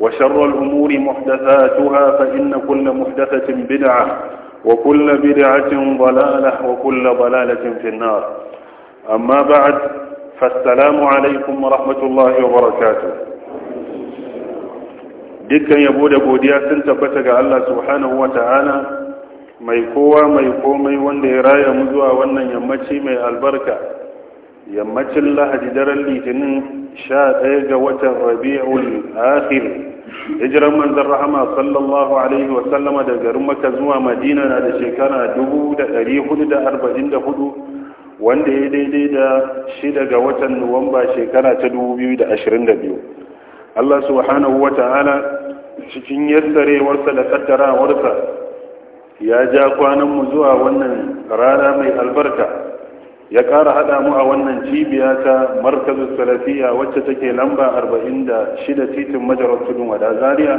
وشر الأمور محدثاتها فإن كل محدثة بدعة وكل بدعة ضلالة وكل ضلالة في النار أما بعد فالسلام عليكم ورحمة الله وبركاته دكا يبود أبو دياس انتبتك الله سبحانه وتعالى ما يقوى ما يقوى ما يواند إرايا مدوى وانا يمتي ما البركة yammacin lahadi daren litinin sha ɗaya ga watan rabi'ul akhir hijiran manzan rahama sallallahu alaihi sallama da garin maka zuwa madina na da shekara 444 wanda ya daidai da shida ga watan nuwamba shekara ta 2022 allah subhanahu wa ta'ala cikin yassarewarsa da kaddarawarsa ya ja kwanan mu zuwa wannan rana mai albarka ya ƙara haɗa mu a wannan cibiya ta markazu salafiya wacce take lamba 46 titin majalar tudun wada zaria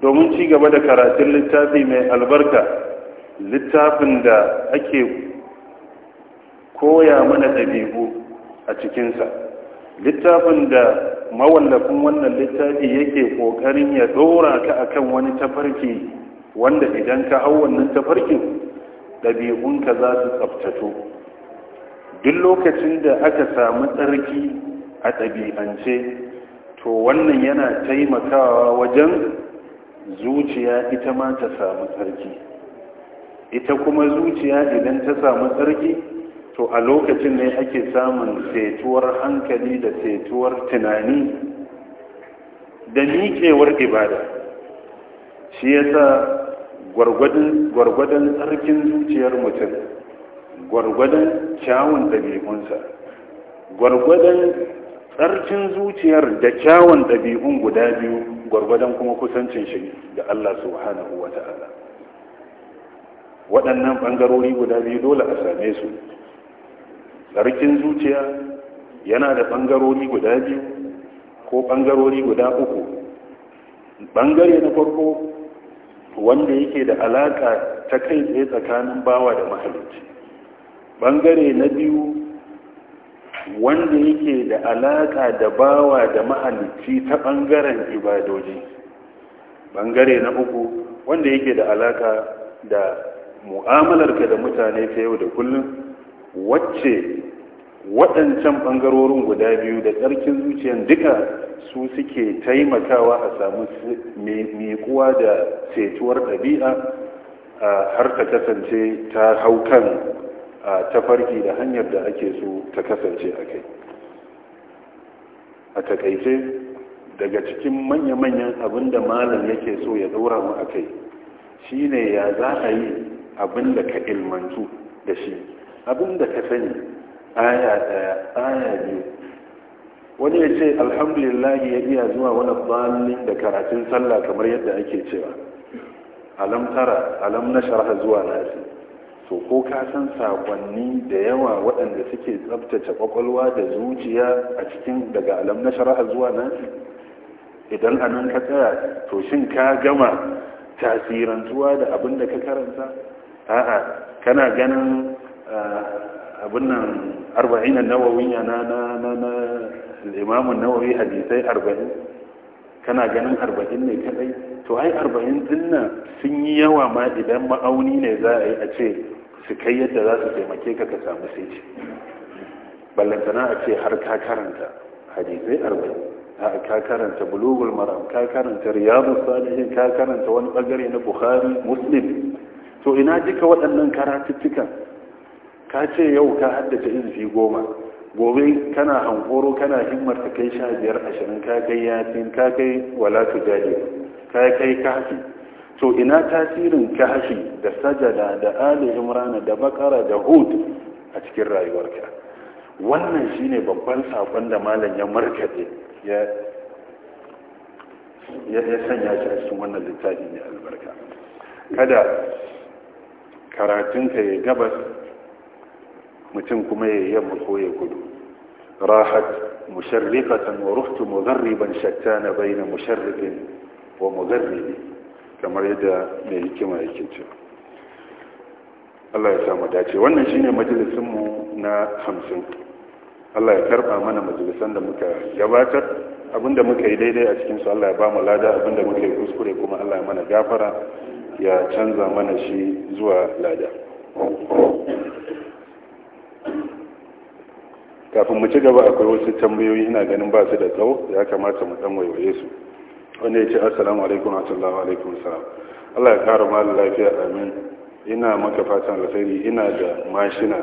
domin ci gaba da karatun littafi mai albarka littafin da ake koya mana ɗabi'u a cikinsa littafin da mawallafin wannan littafi yake ƙoƙarin ya ɗora ka a kan wani tafarki wanda idan ka hau wannan tafarkin ɗabi'unka za su tsaftato duk lokacin da aka samu tsarki a ɗabi'ance to wannan yana taimakawa wajen zuciya ita ma ta samu tsarki ita kuma zuciya idan ta samu tsarki to a lokacin ne ake samun setuwar hankali da setuwar tunani da miƙewar ibada shi yasa gwargwadon tsarkin zuciyar mutum gwargwadon kyawun ɗabi'unsa gwargwadon tsarkin zuciyar da kyawun ɗabi'un guda biyu gwargwadon kuma kusancin shi ga Allah subhanahu wa ta'ala waɗannan ɓangarori guda biyu dole a same su tsarkin zuciya yana da ɓangarori guda biyu ko ɓangarori guda uku ɓangare na farko wanda yake da alaƙa ta kai tsaye tsakanin bawa da mahalicci Bangare na biyu wanda yake da alaƙa da bawa da mahalicci ta ɓangaren ibadoji bangare na uku wanda yake da alaƙa da mu'amalarka da mutane ta yau da kullum wacce waɗancan ɓangarorin guda biyu da tsarkin zuciyar duka su suke taimakawa a samu miƙuwa da cetuwar ɗabi'a har ta kasance ta hau kan a tafarki da hanyar da ake so ta kasance a kai a takaice daga cikin manya-manyan abin da malam yake so ya zaura mu a kai shi ne ya za a yi abin da ka ilmantu da shi abin da ka sani aya ɗaya aya biyu wani ya ce alhamdulillah ya iya zuwa wani balin da karatun sallah kamar yadda ake cewa alam tara alam na sharha zuwa nasi to ko ka san sakonni da yawa waɗanda suke tsabtace kwakwalwa da zuciya a cikin daga alam na shara'a zuwa na. idan a nan ka tsaya to shin ka gama tasirantuwa da abin da ka karanta a'a kana ganin ah, abin nan arba'in nawawi na na na na imamun nawawi hadisai arba'in kana ganin arba'in ne kadai to ai arba'in dinna sun yi yawa ma idan ma'auni ne za a yi a ce su kai yadda za su taimake ka ka samu sai ce ballantana a ce har ka karanta hadisai arba'in ka karanta bulugul maram ka karanta riyadu salihin ka karanta wani bangare na bukhari muslim to ina jika waɗannan karatuttukan ka ce yau ka haddace fi goma gobe kana hankoro kana himmar ta kai sha biyar ashirin ka kai yasin ka kai wala tujali ka kai kafi to ina tasirin kashi da sajada da ali imrana da bakara da hud a cikin rayuwarka wannan shine babban sakon da malam ya markade ya ya sanya shi a cikin wannan littafin ne albarka kada karatunka ya gabas mutum kuma ya yamma ko ya gudu rahat musharrifatan wa ruhtu mudharriban shattana bayna musharrifin wa mudharribin kamar yadda mai hikima yake ce Allah ya samu dace wannan shine majalisunmu na hamsin Allah ya karba mana majalisan da muka gabatar abinda muka yi daidai a cikin su Allah ya ba mu lada abinda muka yi kuskure kuma Allah ya mana gafara ya canza mana shi zuwa lada kafin mu ci gaba akwai wasu tambayoyi ina ganin ba su da tsawo ya kamata mu dan waiwaye su wanda ya ce assalamu alaikum wa sallallahu alaikum salam Allah ya kara malin lafiya amin ina maka fatan alkhairi ina da mashina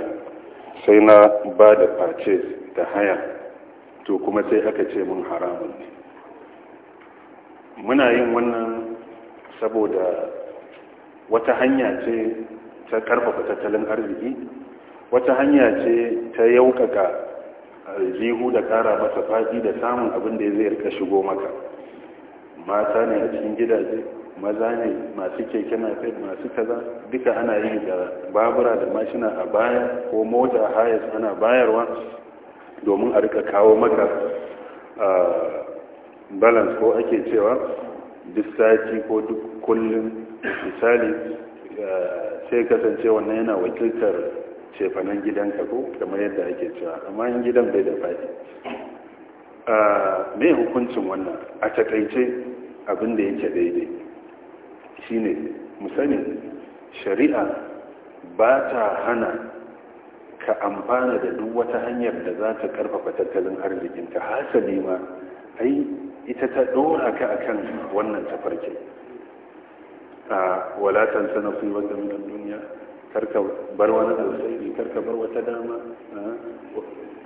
sai na ba da face da haya to kuma sai aka ce mun haramun ne muna yin wannan saboda wata hanya ce ta karfafa tattalin arziki wata hanya ce ta yaukaka aljihu da kara masa faɗi da samun abin da zai rika shigo maka mata ne a cikin gidaje maza ne masu keke na kai masu kaza duka ana yi da babura da mashina a baya ko mota hayas ana bayarwa domin a rika kawo maka balance ko ake cewa duk sati ko duk kullum misali sai kasance wannan yana wakiltar cefanen gidanka ko kamar yadda ake cewa amma yin gidan bai da a me hukuncin wannan a takaice abin da yake daidai shine mu sani shari'a ba ta hana ka amfana da duk wata hanyar da za ta karfafa tattalin ta hasali ma ai ita ta dora ka akan wannan tafarki a walatan sana fi wata minan duniya karka bar wani alfairi karka bar wata dama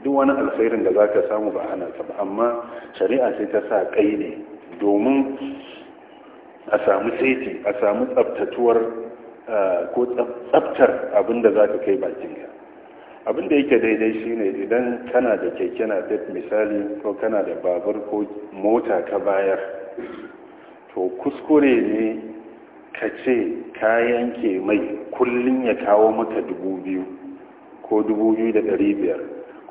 duk wani alfairin da za ka samu ba hana ta ba amma shari'a sai ta sa kai ne domin a samu tsaiti a samu tsabtatuwar eh, ko tsabtar da za ka kai bakinka abinda yake daidai shine idan kana da keke na misali ko kana da babur ko mota ka bayar to kuskure ne ka ce kayan ke mai kullum ya kawo maka dubu biyu ko dubu biyu da ɗari biyar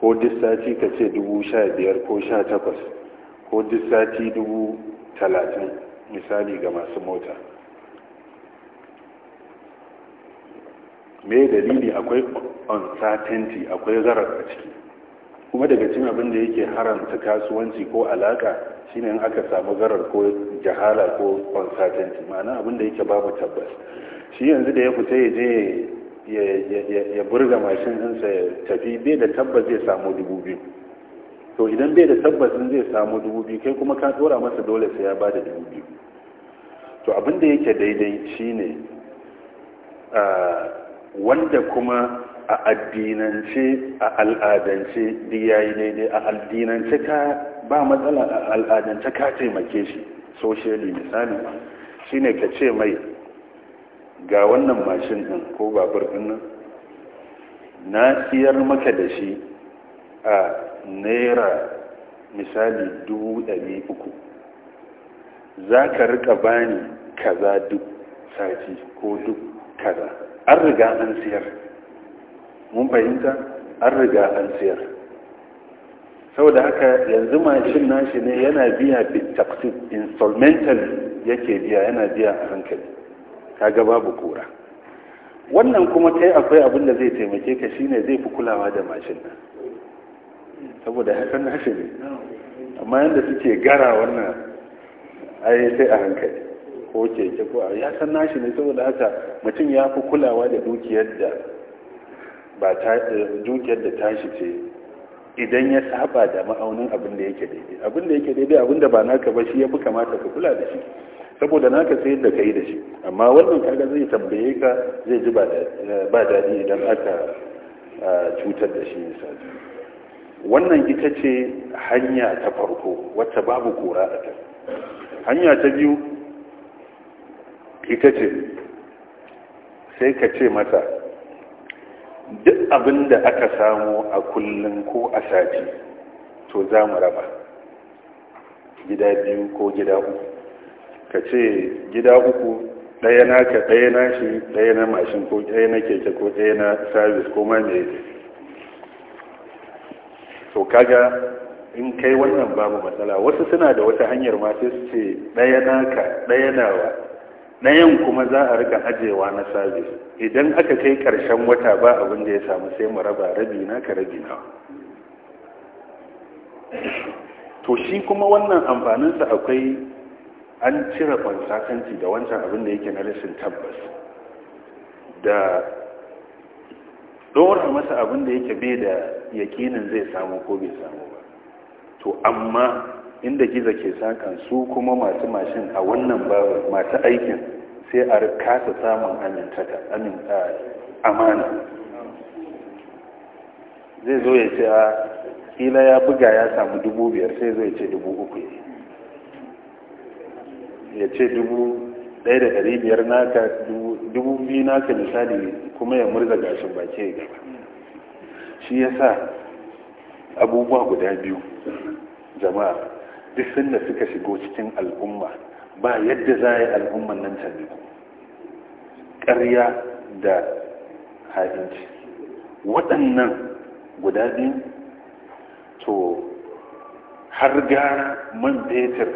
ko duk sati ka ce dubu sha biyar ko sha takwas ko duk sati dubu talatin misali ga masu mota me dalili akwai uncertainty akwai zarar a ciki kuma daga cin abin da yake haramta kasuwanci ko alaka shine in aka samu zarar ko jahala ko uncertainty ma'ana abin da yake babu tabbas shi yanzu da ya fita ya je ya burga mashin ɗinsa ya tafi bai da tabbas zai samu dubu biyu to idan bai da tabbatin zai samu dubu biyu kai kuma ka tsora masa dole sai ya ba da dubu biyu to abin da yake daidai shi ne, wanda kuma a addinance a al'adance duk yayi daidai a addinance ka ba matsala a al'adance ka taimake shi socially misali shi ne ka ce mai ga wannan mashin ɗin ko babur ɗin nan na siyar maka da shi a naira misali dubu ɗari uku za ka rika bani kaza duk sati ko duk kaza an riga an siyar mun fahimta an riga an siyar saboda haka yanzu mashin nashi ne yana biya bitaksi insolmental yake biya yana biya a hankali kaga babu kura wannan kuma kai akwai abin da zai taimake ka shine zai fi kulawa da mashin nan saboda hasan nashi ne amma yadda suke gara wannan ai sai a hankali ko keke ko a ya san nashi ne saboda haka mutum ya fi kulawa da dukiyar da ba ta dukiyar da tashi ce idan ya saba da ma'aunin abin da yake daidai abin da yake daidai abin da ba naka ba shi ya fi kamata ka kula da shi saboda naka sai da yi da shi amma wannan kaga zai tambaye ka zai ji ba daɗi idan aka cutar da shi misali wannan ita ce hanya ta farko wacce babu kura a ta hanya ta biyu ita ce sai ka ce mata duk abin da aka samu a kullum ko a sati to za mu raba gida biyu ko gida uku ka ce gida uku ɗaya ka ɗaya na shi ɗaya na mashin ko ɗaya na keke ko ɗaya na sabis ko ma mai to kaga in kai wannan babu matsala wasu suna da wata hanyar ma sai su ce ɗaya naka ɗaya nawa ɗayan kuma za a rika ajewa na sabis idan aka kai ƙarshen wata ba abin da ya samu sai mu raba rabi naka rabi nawa to shi kuma wannan amfaninsa akwai an cire kwansakanci da wancan abin da yake na rashin tabbas da ɗora masa abin da yake bai da yakinin zai samu ko bai samu ba to amma inda giza ke sakan su kuma masu mashin a wannan babu masu aikin sai a kasa samun amintaka amana zai zo ya ce a kila ya buga ya samu dubu biyar sai zai ce dubu uku ya ce dubu ɗaya da ɗari biyar naka dubu biyu naka misali kuma ya murza gashin baki ya gaba shi ya sa abubuwa guda biyu jama'a duk sanda suka shigo cikin al'umma ba yadda za a yi al'umman nan can ƙarya da haɗinci waɗannan guda biyu to har gara man fetur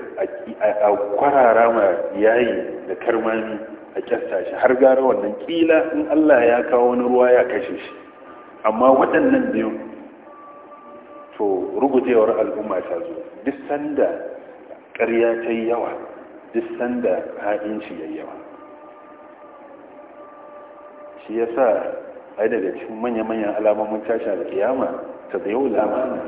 a kwarara ma yayi da karmami a kyasta shi har gara wannan ƙila in allah ya kawo wani ruwa ya kashe shi amma waɗannan biyu to rugujewar al'umma ta zo duk sanda ƙarya ta yi yawa duk sanda ha'inci ya yi yawa shi ya sa yi daga cikin manya-manyan alamomin tashi da kiyama ta da yau lamana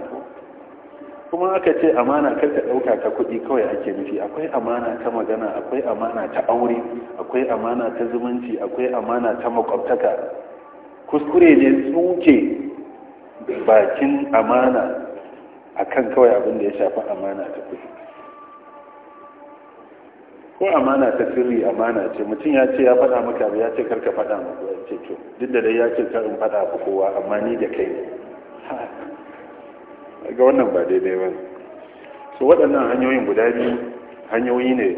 kuma aka ce amana kar ka ɗauka ta kuɗi kawai ake nufi akwai amana ta magana akwai amana ta aure akwai amana ta zumunci akwai amana ta makwabtaka kuskure ne tsuke bakin amana a kan kawai abin da ya shafi amana ta kudi ko amana ta sirri amana ce mutum ya ce ya faɗa maka ya ce karka faɗa maka ya ce to duk da dai ya ce karin fada faɗa ba kowa amma ni da kai ga wannan ba daidai ba so waɗannan hanyoyin guda biyu hanyoyi ne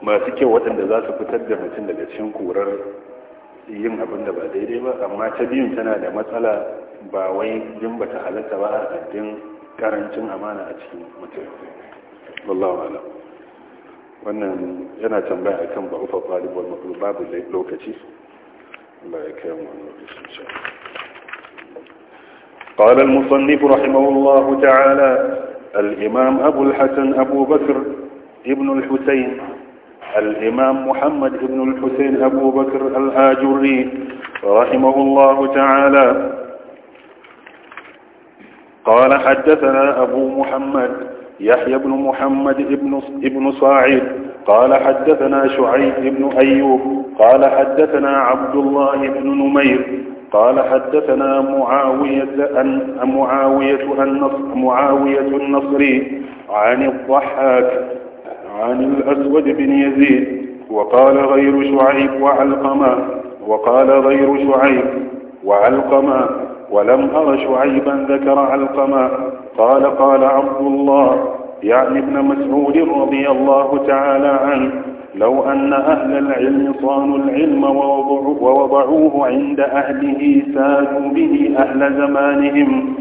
masu kyau waɗanda za su fitar da mutum daga cikin kurar yin abin da ba daidai ba amma ta biyun tana da matsala ba wai jin bata halatta ba a din karancin amana a cikin mutum wallahu ala wannan yana tambaya akan ba ufa ɗalibar makulu babu lokaci Allah ya kai mu lokaci insha قال المصنف رحمه الله تعالى الإمام أبو الحسن أبو بكر ابن الحسين الإمام محمد بن الحسين أبو بكر الآجري رحمه الله تعالى قال حدثنا أبو محمد يحيى بن محمد بن ابن صاعد قال حدثنا شعيب بن أيوب قال حدثنا عبد الله بن نمير قال حدثنا معاوية أن معاوية النصر معاوية النصري عن الضحاك عن الأسود بن يزيد وقال غير شعيب وعلقما وقال غير شعيب وعلقما ولم أر شعيبا ذكر علقما قال قال عبد الله يعني ابن مسعود رضي الله تعالى عنه لو أن أهل العلم صانوا العلم ووضعوه عند أهله سادوا به أهل زمانهم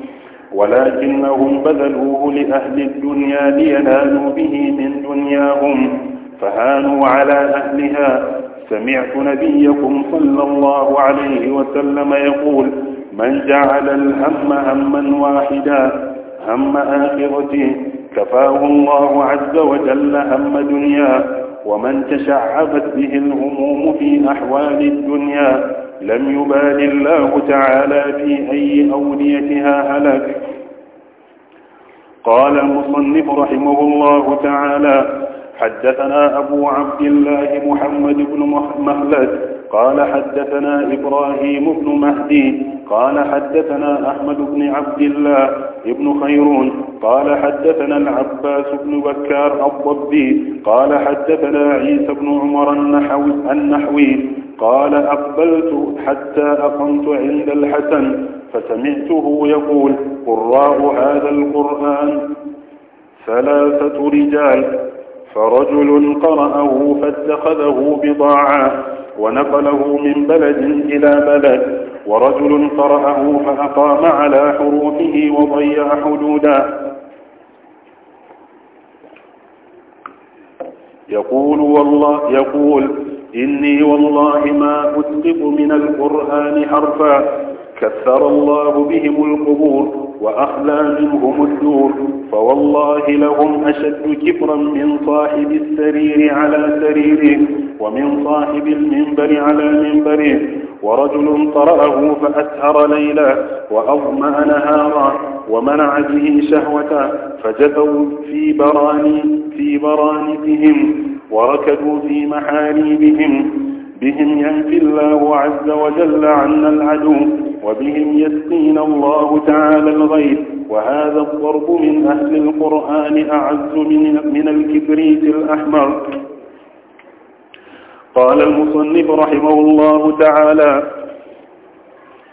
ولكنهم بذلوه لأهل الدنيا لينالوا به من دنياهم فهانوا على أهلها سمعت نبيكم صلى الله عليه وسلم يقول من جعل الهم هما واحدا هم آخرته كفاه الله عز وجل هم دنياه ومن تشعبت به الهموم في أحوال الدنيا لم يبال الله تعالى في أي أوليتها هلك قال المصنف رحمه الله تعالى حدثنا أبو عبد الله محمد بن مخلد قال حدثنا إبراهيم بن مهدي قال حدثنا أحمد بن عبد الله بن خيرون قال حدثنا العباس بن بكار الضبي قال حدثنا عيسى بن عمر النحوي, النحوي قال أقبلت حتى أقمت عند الحسن فسمعته يقول قراء هذا القرآن ثلاثة رجال فرجل قرأه فاتخذه بضاعة ونقله من بلد إلى بلد ورجل قرأه فأقام على حروفه وضيع حدودا يقول والله يقول إني والله ما أتقب من القرآن حرفا كثر الله بهم القبور وأخلى منهم الدور فوالله لهم أشد كبرا من صاحب السرير على سريره ومن صاحب المنبر على منبره ورجل قرأه فأسهر ليلا وأظمأ نهارا ومنع به شهوته فجثوا في براني في برانتهم وركضوا في محاريبهم بهم يهدي الله عز وجل عنا العدو وبهم يسقينا الله تعالى الغيث وهذا الضرب من أهل القرآن أعز من, من الكبريت الأحمر قال المصنف رحمه الله تعالى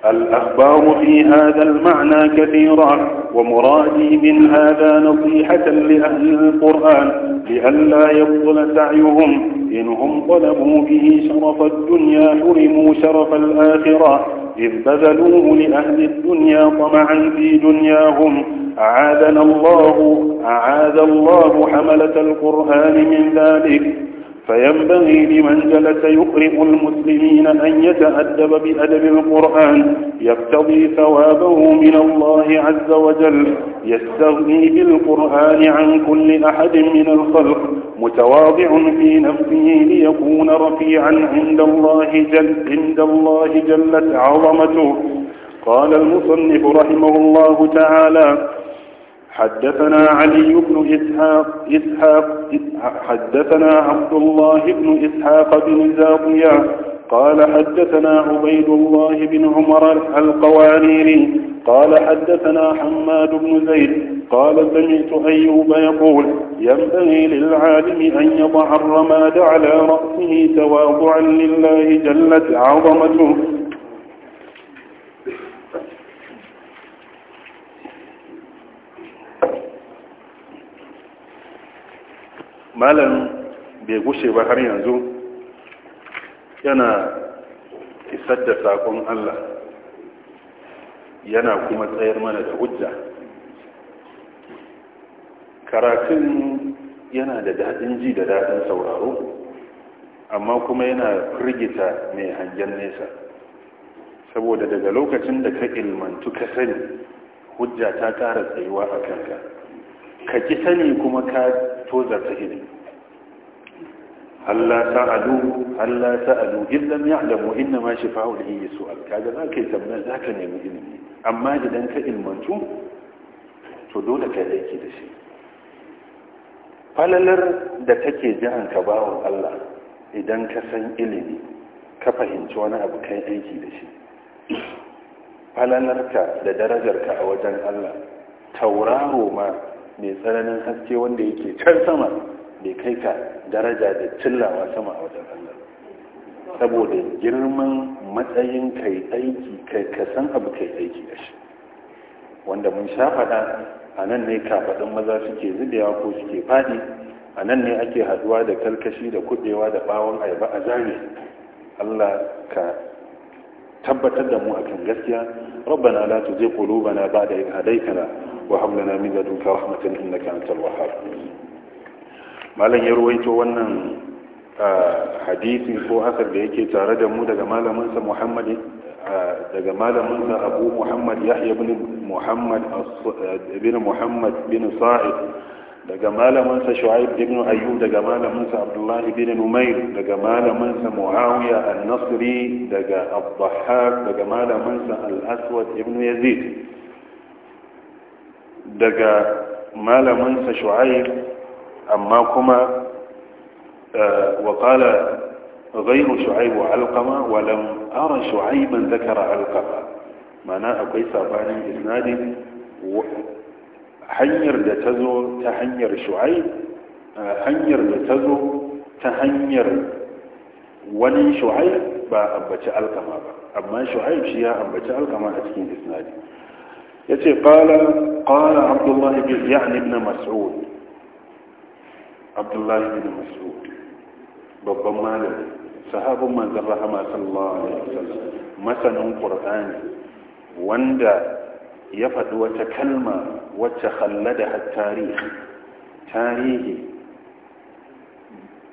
الأخبار في هذا المعنى كثيرة ومرادي من هذا نصيحة لأهل القرآن لئلا يبطل سعيهم إن هم طلبوا به شرف الدنيا حرموا شرف الآخرة إذ بذلوه لأهل الدنيا طمعا في دنياهم أعاذنا الله أعاذ الله حملة القرآن من ذلك فينبغي لمن جلس يقرئ المسلمين أن يتأدب بأدب القرآن يقتضي ثوابه من الله عز وجل يستغني بالقرآن عن كل أحد من الخلق متواضع في نفسه ليكون رفيعا عند الله جل, عند الله جلت عظمته قال المصنف رحمه الله تعالى حدثنا علي بن إسحاق, إسحاق حدثنا عبد الله بن إسحاق بن زاوية قال حدثنا عبيد الله بن عمر القوانيني قال حدثنا حماد بن زيد قال سمعت أيوب يقول ينبغي للعالم أن يضع الرماد على رأسه تواضعا لله جلت عظمته malam bai gushe ba har yanzu yana isar da sakon Allah yana kuma tsayar mana da hujja karatun yana da daɗin ji da daɗin sauraro amma kuma yana firgita mai hangen nesa saboda daga lokacin da ka ilmantu ka sani hujja ta ƙara tsayuwa a kanka ka ki sani kuma ka tozarta ilimi Allah sa'alu Allah sa'alu illam ya'lamu inna ma shifa'u lihi su'al kaga zaka yi tambaya zaka nemi ilimi amma idan ka ilimantu to dole ka yi aiki da shi falalar da take jiran ka bawon Allah idan ka san ilimi ka fahimci wani abu kai aiki da shi ka da darajarka a wajen Allah tauraro ma mai tsananin haske wanda yake can sama da kai ka daraja da cillawa sama a wajen Allah saboda girman matsayin kai aiki kai ka san abu kai aiki da shi wanda mun sha faɗa a nan ne kafaɗin maza suke zubewa ko suke faɗi a nan ne ake haduwa da kalkashi da kuɗewa da bawon ayaba a zane Allah ka tabbatar da mu akan gaskiya rabbana la tuzigh qulubana ba'da idh hadaytana وهب لنا من لدنك رحمة إنك أنت الوهاب ما لن يروي تونا آه، حديث فو أثر بيك تارد مودة جمال منسى محمد جمال آه، منسى أبو محمد يحيى بن محمد آه، بن محمد بن صاعد جمال منسى شعيب بن أيوب جمال منسى عبد الله بن نمير جمال منسى معاوية النصري جمال منسى الأسود بن يزيد daga malaminsa shu'aib amma kuma waƙala غير شعيب وعلقمة ولم أرى شعيبا ذكر علقمة mana akwai سابان إسناد hanyar da ta zo ta hanyar shu'ai eh, hanyar da ta zo ta hanyar wani shu'ai ba ambaci alkama ba amma shu'ai shi ya ambaci alkama a cikin isnadi yace qala qala abdullah bin ya'ni ibn mas'ud abdullah ibn mas'ud babban malami sahabin manzon rahama sallallahu alaihi wasallam masanin qur'ani wanda ya faɗi wata kalma wacce khallada har tarihi tarihi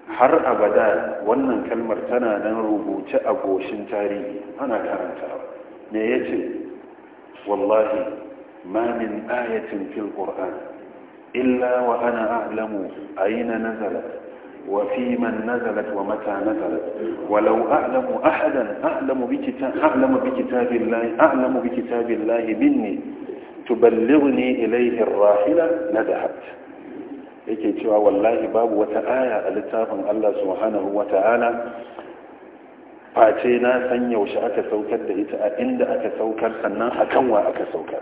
har abada wannan kalmar tana nan rubuce a goshin tarihi ana karanta me yace wallahi ما من آية في القرآن إلا وأنا أعلم أين نزلت وفي من نزلت ومتى نزلت ولو أعلم أحدا أعلم بكتاب, أعلم بكتاب, الله, أعلم بكتاب الله مني تبلغني إليه الراحلة لذهبت yake cewa wallahi babu wata aya a littafin Allah subhanahu wa ta'ala face na san yaushe aka saukar da ita a inda aka saukar sannan a kanwa aka saukar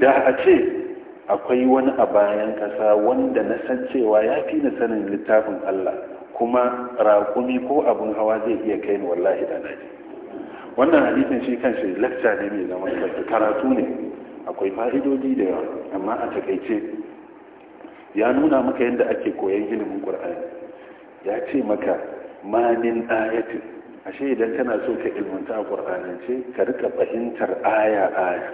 da a ce akwai wani a bayan kasa wanda na san cewa ya fi na sanin littafin Allah kuma raƙumi ko abin hawa zai iya kai ni wallahi da na wannan hadisin shi kanshi lakta ne mai zaman kansa karatu ne akwai fa'idodi da yawa amma a takaice ya nuna maka yadda ake koyon ilimin qur'ani ya ce maka manin min ayatin ashe idan kana so ka ilmanta a ce, ka rika fahimtar aya aya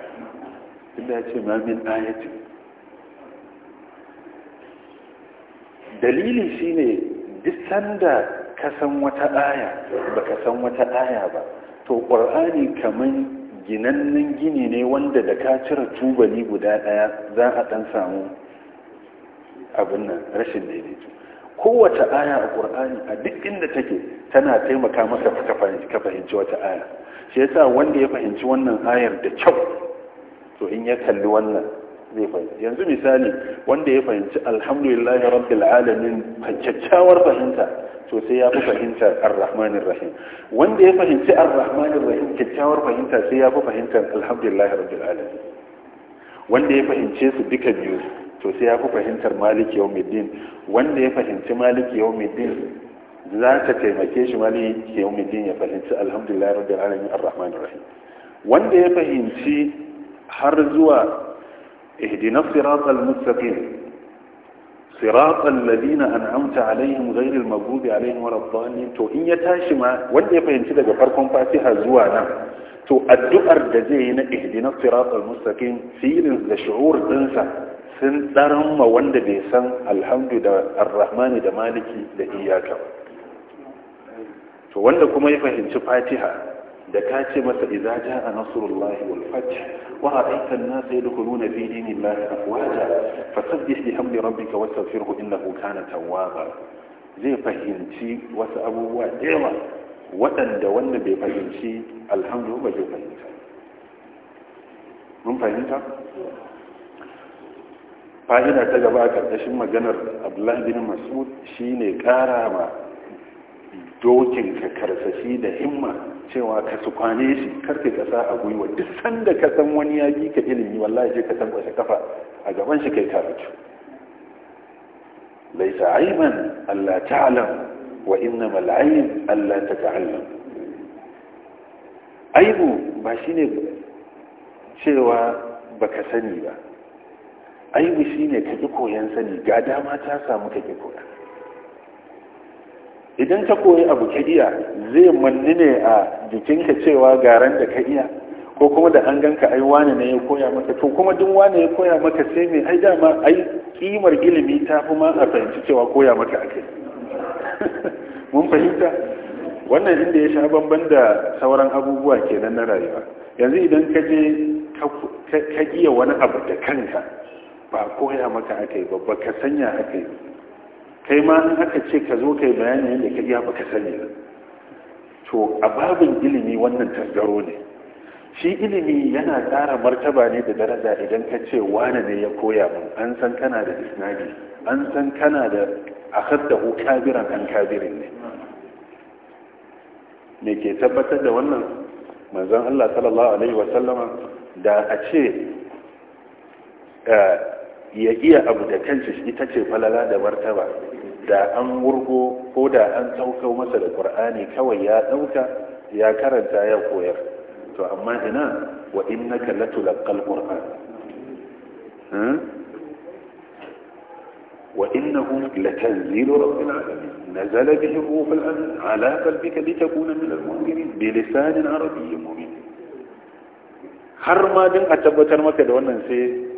inda ya ce ma min ayati dalili shine duk da ka san wata aya baka san wata aya ba to ƙur'ani kamar ginannen gini ne wanda da ka cire tubali guda ɗaya za a ɗan samu abin nan rashin daidaito kowace aya a ƙur'ani a duk inda take tana taimaka maka ka fahimci wata aya shi yasa wanda ya fahimci wannan ayar da kyau to in ya kalli wannan zai fahimci yanzu misali wanda ya fahimci alhamdulillahi rabbil alamin kyakkyawar fahimta to sai ya fi fahimtar arrahmanir rahim wanda ya fahimci arrahmanir rahim kyakkyawar fahimta sai ya fi fahimtar alhamdulillahi rabbil alamin wanda ya fahimce su duka biyu to sai ya fi fahimtar maliki yawmiddin wanda ya fahimci maliki yawmiddin za ta taimake shi maliki yawmiddin ya fahimci alhamdulillahi rabbil alamin arrahmanir rahim wanda ya fahimci har zuwa ihdina siratal mustaqim siratal ladina an'amta alaihim ghairil maghdubi alaihim waladdallin to in ya tashi ma wanda ya fahimci daga farkon fatiha zuwa nan to addu'ar da zai yi na ihdina siratal mustaqim filin da shu'ur dinsa sun tsaran ma wanda bai san alhamdu da arrahmani da maliki da iyaka to wanda kuma ya fahimci fatiha da ka ce masa idza jaa nasrullah wal fath wa ra'aita an-nas yadkhuluna fi dinillah afwaja fasabbih bihamdi rabbika wastaghfirhu innahu kana tawwaba zai fahimci wasu abubuwa da yawa waɗanda wanda bai fahimci alhamdu ba zai fahimta mun fahimta fa'ida ta gaba a ƙarƙashin maganar abdullahi bin masud shine ƙara ma dokin ka karsashi da himma cewa ka su kwane shi karfe kasa a gwiwa duk sanda ka san wani ya bi ka ilimi wallahi je ka san kwashe kafa a gaban shi kai karatu laisa aiman Allah ta'lam wa inna al'ayn Allah tata'allam aibu ba shi ne cewa ba ka sani ba aibu shine ka ki koyan sani ga dama ta samu ka ki koya idan ka koyi abu ka iya zai manni ne a jikinka cewa garan da ka iya ko kuma da an ganka ai wane ne ya koya maka to kuma duk wane ya koya maka sai mai ai dama ai kimar ilimi ta fi ma a fahimci cewa koya maka a kai. mun fahimta wannan inda ya sha bamban da sauran abubuwa kenan na rayuwa yanzu idan ka je ka iya wani abu da kanka ba koya maka a kai, ba ka sanya a kai. kai ma in aka ce ka zo kai bayani yadda ka iya baka sani ba to a babin ilimi wannan tangaro ne shi ilimi yana ƙara martaba ne da daraja idan ka ce wane ne ya koya min an san kana da isnadi an san kana da hu kabiran an kabirin ne me ke tabbatar da wannan manzon Allah sallallahu alaihi wa sallama da a ce eh, ya iya abu da kanshi ita ce falala da martaba da an wurgo ko da an sauko masa da qur'ani kawai ya dauka ya karanta ya koyar to amma ina wa innaka latulqal qur'an وإنه لتنزيل رب العالمين نزل به الروح الأمن على قلبك لتكون من المؤمنين بلسان عربي مبين har ma din a tabbatar maka da wannan sai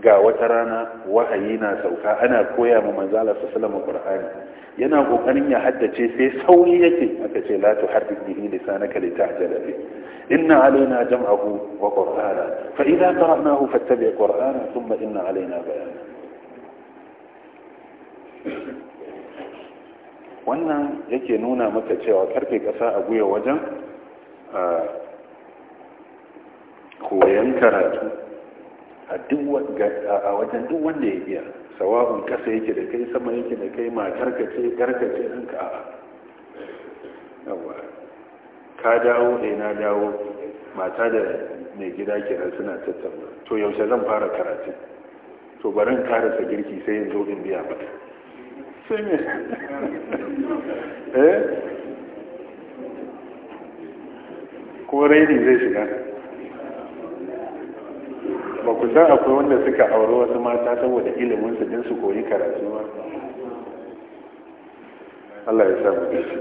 ga wata rana wahayi na sauka ana koya ma manzala su salama qur'ani yana kokarin ya haddace sai sauri yake aka ce la tuhaddith bihi lisanaka ta'jala bi inna alaina jam'ahu wa qur'ana fa idha qara'nahu fattabi' qur'ana thumma inna alaina bayana wannan yake nuna maka cewa karfe kasa a guya wajen koyan karatu a wajen duk wanda ya biya sawa'un kasa yake da kai sama yake da kai matar ka ce garka ce a ka dawo ɗaya eh, na dawo mata da mai gida kenan suna tattauna to yaushe zan fara karatu? to barin karasa girki sai yin zo in biya mata sai eh? ko raini zai shiga ba ku san akwai wanda suka auri wasu mata saboda ilimin su din su koyi karatu ba Allah ya samu da shi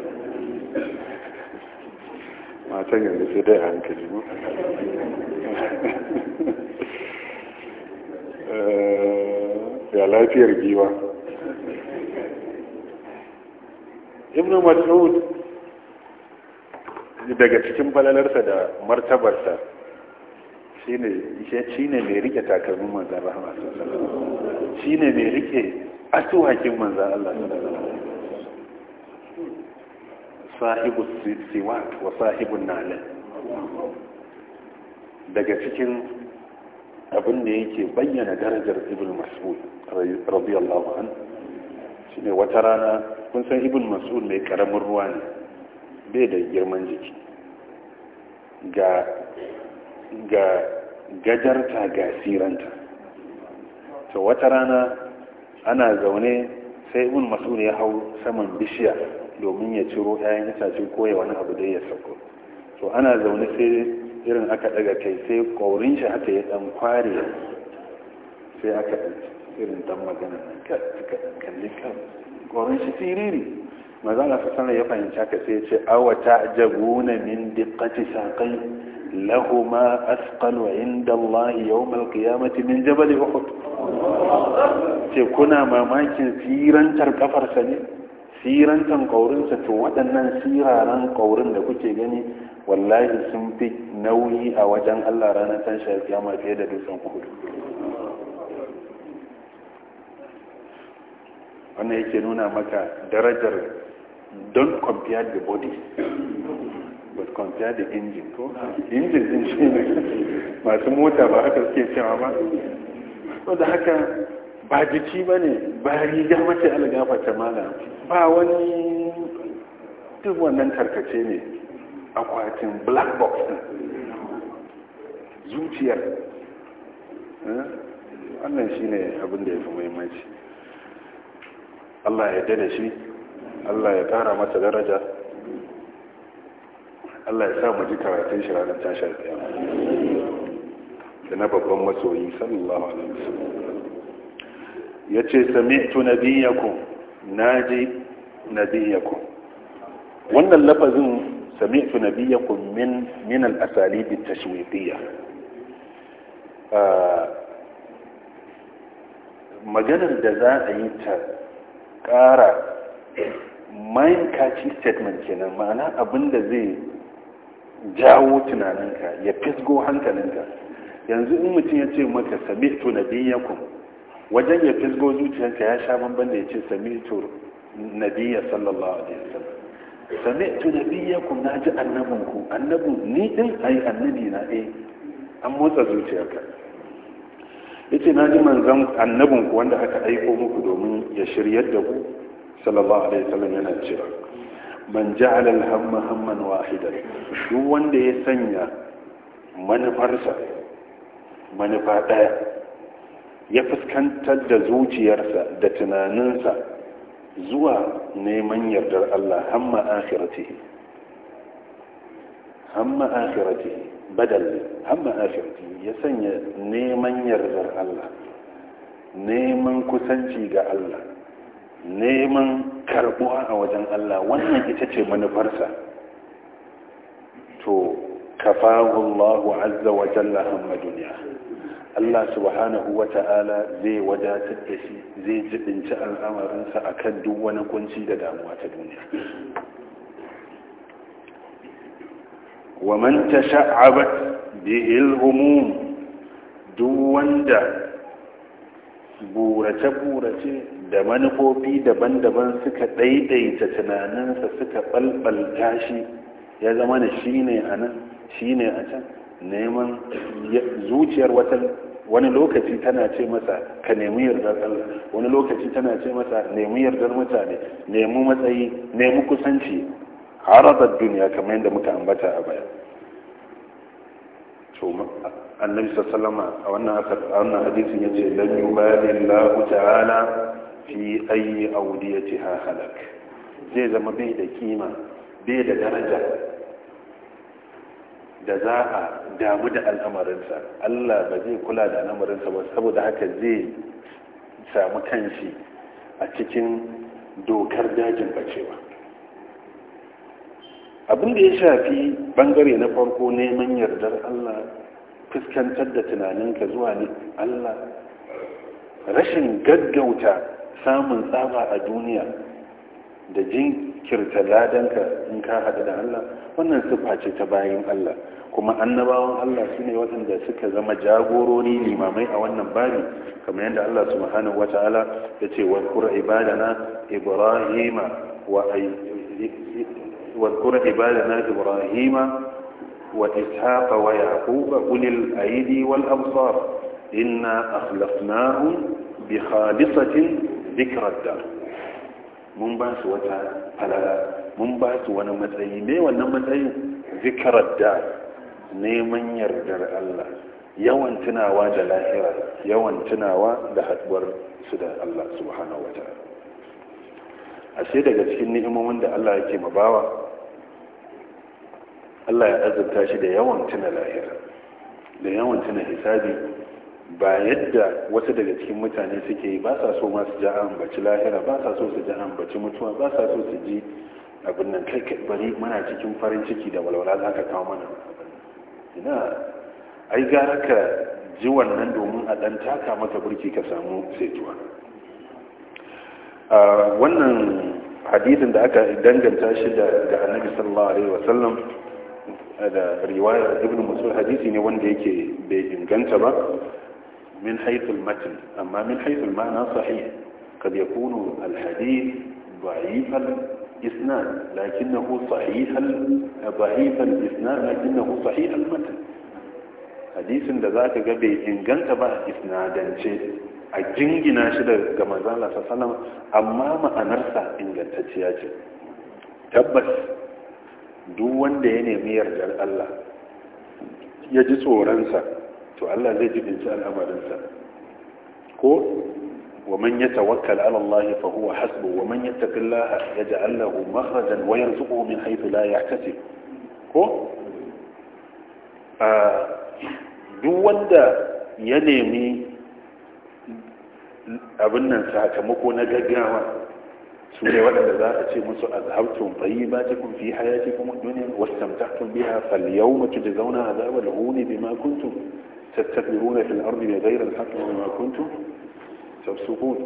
matan yanzu sai dai hankali mu eh, ya lafiyar giwa ibn mas'ud daga cikin balalarsa da martabarsa shi ne mai rike takalmin manzan rahama shi ne mai rike asuwakin manzan Allah sahibu siwa wa sahibu nale daga cikin abin da yake bayyana darajar ibn mas'ud radiyallahu an shi ne wata rana kun san ibn mas'ud mai karamin ruwa ne bai da girman jiki ga ga gajarta ga siranta to wata rana ana zaune sai ibn mas'ud ya hau saman bishiya domin ya ciro 'ya'yan itace ko ya wani abu dai ya sauko to ana zaune sai irin aka daga kai sai kaurin shi haka ya dan kware sai aka irin dan magana ka kalli kan kaurin shi tiriri maza na su ya fahimci haka sai ya ce awata jaguna min diqqati saqai lahuma asqalu inda Allah yawm al-qiyamati min jabal Uhud ce kuna mamakin sirantar kafarsa ne sirantar kaurinsa to waɗannan siraran kaurin da kuke gani wallahi sun fi nauyi a wajen Allah ranar tashin kiyama fiye da dutsen Uhud wannan yake nuna maka darajar don compare the body but consider the engine ko engine din shi ne masu mota ba haka suke cewa ba to da haka ba jiki ba ne ba riga mace algafata mala ba wani duk wannan tarkace ne akwatin black box din zuciyar eh? wannan shi ne abin da ya fi muhimmanci Allah ya dade shi Allah ya tara mata daraja Allah ya sa mu ji karatun shi ranar tashar yamma da na babban masoyi sallallahu alaihi wasallam yace sami'tu nabiyakum naji nabiyakum wannan lafazin sami'tu nabiyakum min min al-asalib at-tashwiqiyya ah, maganar da za a yi ta ƙara mind catching statement kenan ma'ana abinda zai jawo tunaninka ya fisgo hankalinka yanzu in mutum ya ce maka sami'tu nabiyakum wajen ya fisgo zuciyarka ya sha banban da ya ce sami'tu nabiyya sallallahu alaihi wasallam sami'tu nabiyakum na ji annabinku annabu ni din a yi annabi na eh an motsa zuciyarka ce na ji manzon annabinku wanda aka aiko muku domin ya shiryar da ku sallallahu alaihi wasallam yana cewa man ja'ala al-hamma hamman wahidan shi wanda ya sanya manufarsa manufa daya ya fuskantar da zuciyarsa da tunaninsa zuwa neman yardar Allah hamma akhiratihi hamma akhiratihi badal hamma akhiratihi ya sanya neman yardar Allah neman kusanci ga Allah neman karbuwa a wajen Allah wannan ita ce manufarsa to kafahullahu Allah azza wa jalla hamma duniya Allah subhanahu wa ta'ala zai wadatar da shi zai jibinci al'amarinsa kan duk wani kunci da damuwa ta duniya wa man tasha'abat bihil umum duk wanda burace-burace da manufofi daban-daban suka daidaita tunaninsa suka balbalta shi ya zama da shi ne a nan shi ne a can neman zuciyar wata wani lokaci tana ce masa ka nemi yardar Allah wani lokaci tana ce masa nemi yardar mutane nemi matsayi nemi kusanci da duniya kamar yadda muka ambata a baya annabi wasallam a wannan hadisin yace lan yubali Allah ta'ala fi ayi ha halak zai zama bai da kima bai da daraja da za a damu da al'amarinsa Allah ba zai kula da al'amarinsa ba saboda haka zai samu kanshi a cikin dokar dajin bacewa abin da ya shafi bangare na farko neman yardar Allah fuskantar da tunaninka zuwa ne Allah rashin gaggauta samun tsaba a duniya da jinkirta ladanka in ka haɗu da Allah wannan siffa ce ta bayan Allah kuma annabawan Allah su ne waɗanda suka zama jagorori limamai a wannan bari kamar yadda Allah subhanahu wa ta'ala ya ce wa kura ibadana ibrahima wa واذكر عبادنا إبراهيم وإسحاق ويعقوب أولي الأيدي والأبصار إنا أخلصناهم zikirar da mun ba su wata falala mun ba su wani matsayi me wannan matsayin zikirar da neman yardar Allah yawan tunawa da lahira yawan tunawa da haɗuwar su da Allah subhanahu wata. ta'ala ashe daga cikin ni'imomin wanda Allah ya yake mabawa Allah ya azurta shi da yawan tuna lahira da yawan tuna hisabi ba yadda wasu daga cikin mutane suke yi ba sa so masu su an ambaci lahira ba sa so su ja ambaci mutuwa ba sa so su ji abin nan kai bari muna cikin farin ciki da walwala za ka kawo mana ina ai gara ka ji wannan domin a ɗan taka maka burki ka samu setuwa wannan hadisin da aka danganta shi da annabi sallallahu alaihi wasallam da riwaya, ibn mas'ud hadisi ne wanda yake bai inganta ba من حيث المتن أما من حيث المعنى صحيح قد يكون الحديث ضعيف الإسناد لكنه صحيح ضعيف الإسناد لكنه صحيح المتن حديث da za ka bai inganta ba isnadance a jingina shi daga manzana sassanan amma ma'anarsa ingantacciya ce tabbas duk wanda ya nemi yardar Allah ya ji tsoronsa to Allah zai ji binci al'amarinsa ko wa man ya tawakkal ala Allah fa huwa hasbu wa man yattaqillaha yaj'al lahu makhrajan wa yarzuquhu min haythu la yahtasib ko duk wanda ya nemi abin nan sakamako na gaggawa su ne waɗanda za a ce musu azhabtum tayyibatikum fi hayatikum dunya wastamta'tum biha falyawma tujzauna azaba al-hun bima kuntum تتبعون في الأرض بغير الحق وما كنتم تفسقون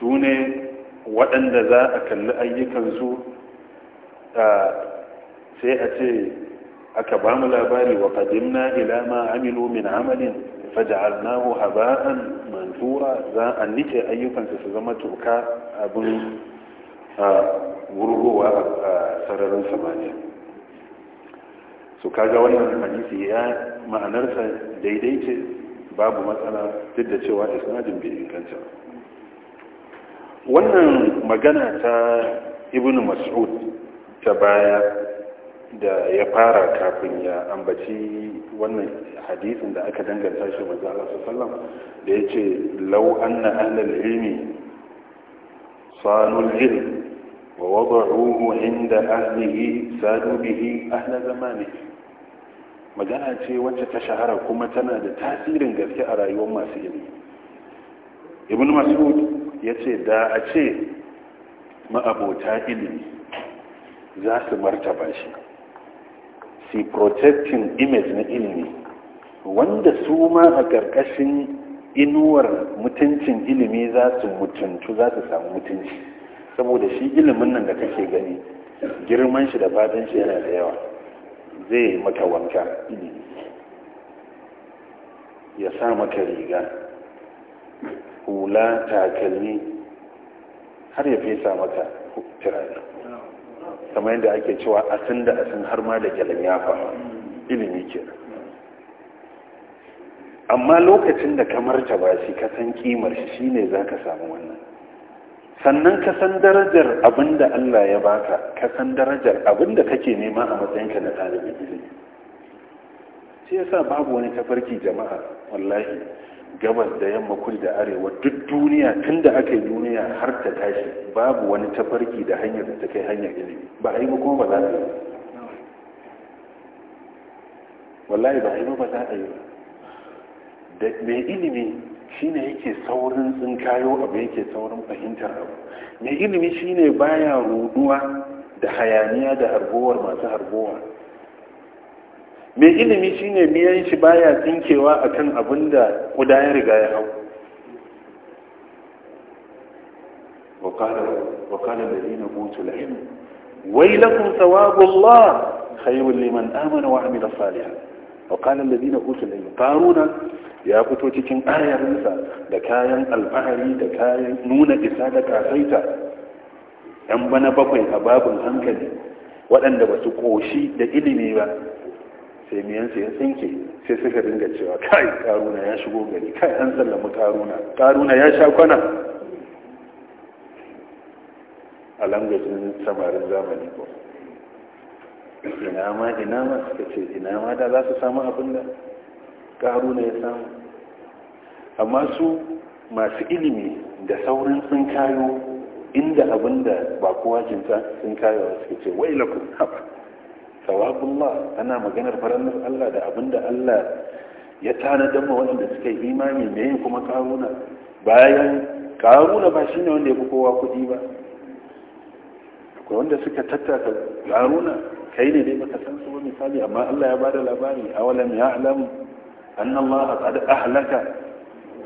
su ne waɗanda za a kalli ayyukansu sai a ce aka bamu labari wa qadimna ila ma amilu min amalin faj'alnahu haba'an manthura za a nike ayyukansu su zama toka abin wurgowa a sararin samaniya su kaga wannan hadisi ya ma'anarsa daidai ce babu matsala duk da cewa isnadin bai inganta wannan magana ta ibn mas'ud ta baya da ya fara kafin ya ambaci wannan hadisin da aka danganta shi manzo Allah sallallahu da yace law anna ahlal ilmi sanul ilm wa wada'uhu inda ahlihi sadu bihi ahla zamanihi magana ce wacce ta shahara kuma tana da tasirin gaske a rayuwar masu ilimi ibn mas'ud ya ce da a ce ma'abota ilimi za su martaba shi si protecting image na ilimi wanda su ma a ƙarƙashin inuwar mutuncin ilimi za su mutuntu za su samu mutunci saboda shi ilimin nan da kake gani girman shi da fatan shi yana da yawa zai maka wanka ya sa maka riga hula takalmi har ya fesa maka turare kamar yadda ake cewa asin da asin har ma da ya fa, ilimi kenan amma lokacin da kamar ta ba shi kasan san kimar shi ne za ka samu wannan sannan ka san darajar abin da Allah ya baka ka san darajar abin da kake nema a matsayinka na ɗalibin ilimi shi yasa babu wani tafarki jama'a wallahi gabas da yamma kudu da arewa duk duniya tun da aka yi duniya har ta tashi babu wani tafarki da hanyar da ta kai hanyar ilimi ba a yi ba kuma ba za a yi wallahi ba a yi ba za a yi ba da mai ilimi shine yake saurin tsinkayo abu yake saurin fahimtar abu mai ilimi shine baya ruduwa da hayaniya da harbowar masu harbowa mai ilimi shine miyan shi baya tsinkewa akan abin da kuda ya riga ya hau وقال الذين اوتوا العلم ويلكم Allah. الله خير لمن wa Amina صالحا wa da alladhina utul ilm qaruna ya fito cikin ayarinsa da kayan alfahari da kayan nuna isa da kasaita yan bana bakwai a babin hankali waɗanda ba su ƙoshi da ilimi ba sai miyansu ya tsinke sai suka dinga cewa kai karuna ya shigo gari kai an sallama karuna karuna ya sha kwana a langajin samarin zamani ba ina ma ina ma suka ce ina ma da za su samu abin da ƙaruna ya samu amma su masu ilimi da saurin sun kayo inda abin da ba kowa jinta sun kayo suka ce wai lakum haba sawabullah ana maganar faranar Allah da abin da Allah ya tana damma waɗanda suka yi imani me kuma ƙaruna bayan ƙaruna ba shine wanda ya fi kowa kuɗi ba da wanda suka tattaka ƙaruna kai ne dai baka san su wani misali amma Allah ya bada labari awalam ya alamu an Allah qad ahlaka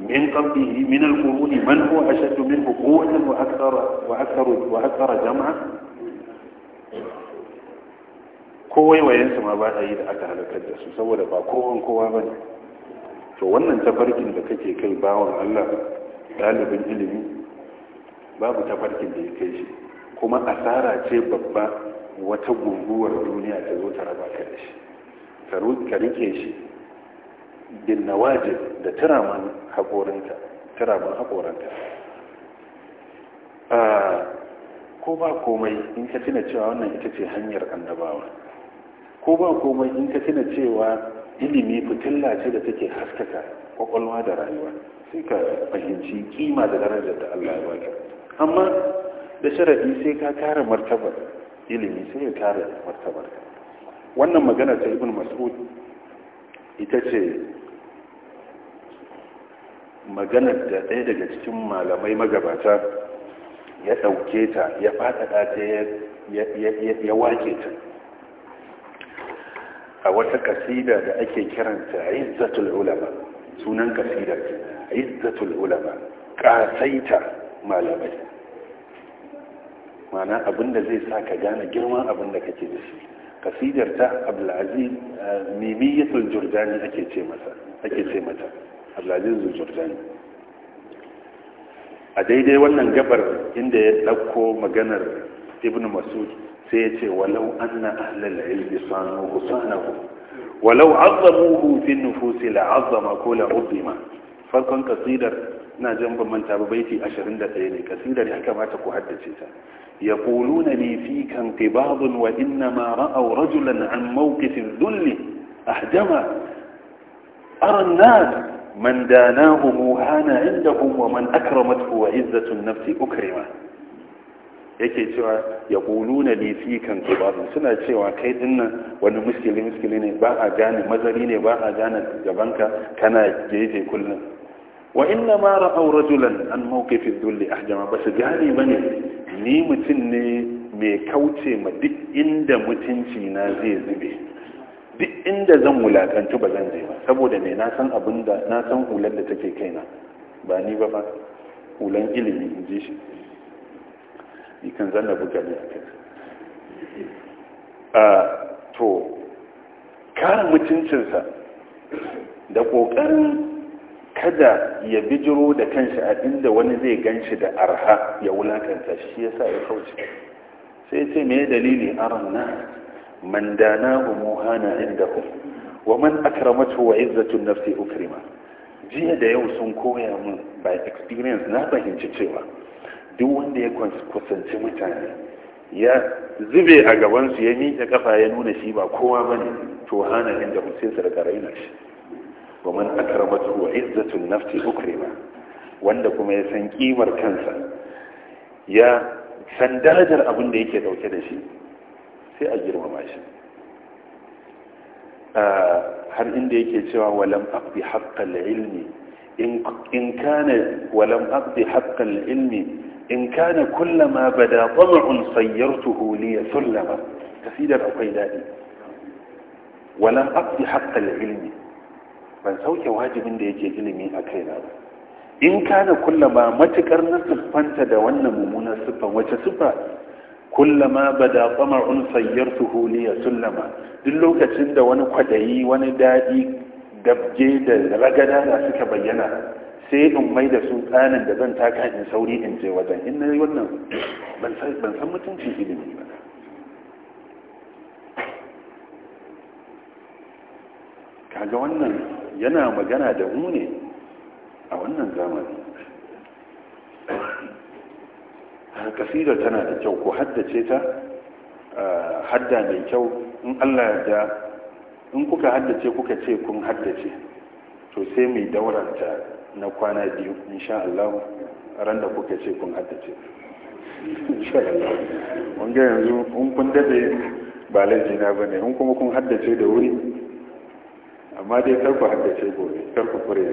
min qablihi min al-qurun man huwa ashaddu minhu quwwatan wa akthara wa akthara wa akthara jam'a ko waiwayen su ma ba a yi da aka halakar da su saboda ba kowan kowa bane to wannan tafarkin da kake kai bawan Allah ɗalibin ilimi babu tafarkin da ya kai shi kuma asara ce babba wata guguwar duniya ta zo ta raba ka da shi ka rike shi bin da turaman haƙorinka turaman haƙorinka ah, ko ba komai in ka tuna cewa wannan ita ce hanyar annabawa ko ba komai in ka tuna cewa ilimi fitilla ce da take haskaka kwakwalwa da rayuwa sai ka fahimci kima da darajar da Allah ya baka amma da sharadi sai ka kare martabar ilimi sai ya kare martabar wannan magana ta ibn mas'ud ita ce magana da ɗaya daga cikin malamai magabata ya ɗauke ta ya faɗaɗa ta ya wake ta a wata kasida da ake kiranta izzatul ulama sunan kasidar izzatul ulama ƙasaita malamai mana abinda zai sa ka gane girman abinda kake da shi kasidar ta abdulaziz eh, mimiyatul jordani ake ce masa ake ce mata abdulaziz jordani a daidai wannan gabar inda ya ɗauko maganar ibn masud sai ya ce walau anna ahlala ilmi sanuhu sanahu walau azzamuhu fi nufusi la azzama ko la uzzima farkon kasidar na jan ban baiti ba baiti 21 ne kasidar ya kamata ku haddace ta ya kuluna ne fi kan qibadun wa inna ma ra'aw rajulan an mawqifin dhulli ahjama aran nas man danahu muhana indakum wa man akramathu wa izzatun nafsi ukrima yake cewa ya kuluna ne fi kan qibadun suna cewa kai dinnan wani muskili muskili ne ba a gane mazari ne ba a gane gabanka kana jeje kullum. wa inna ma ra'aw rajulan an mawqif adh ahjama bas gani bane ni mutun ne mai kauce ma duk inda mutunci na zai zube duk inda zan wulakantu ba zan je ba saboda me na san abinda na san hular da take kaina ba ni ba ba hulan ilimi in ji shi ni kan zanna buga ne a to kare mutuncinsa da ƙoƙarin kada ya bijiro da kanshi a inda wani zai ganshi da arha ya wulakanta shi yasa ya kauce sai ce me dalili arna man danahu muhana ku wa man akramatu wa izzatu nafsi ukrima jiya da yau sun koya mun by experience na fahimci cewa duk wanda ya kusanci mutane ya zube a gabansu ya miƙe kafa ya nuna shi ba kowa bane to hana inda sai su raina shi wa man akramatu izzatun nafsi ukrima wanda kuma ya san kimar kansa ya san darajar abin da yake dauke da shi sai a girmama shi ah, har inda yake cewa walam aqdi haqqal ilmi in kana walam aqdi haqqal ilmi in kana kullama bada tam'un sayyartuhu li sullama kasidar akwai dadi walam aqdi haqqal ilmi ban sauke wajibin da yake ilimi a kaina ba in kana kullama matukar na siffanta da wannan mummunar siffan wace siffa kullama bada qamar'un sayyartuhu li yasullama duk lokacin da wani kwadayi wani daɗi, dabje da ragada da suka bayyana sai in mai da su tsanin da zan taka in sauri in je wajen in na wannan ban san mutuncin ilimi ba kaga wannan yana magana da mu ne a wannan zamani kasidar tana da kyau ko haddace ta hadda mai kyau in allah da in kuka haddace kuka ce kun haddace to sai mai dauranta na kwana biyu insha allah ran da kuka ce kun haddace insha allah wanga yanzu in kun dade ba laifina ba ne in kuma kun haddace da wuri amma dai haka haddace gobe tarku kure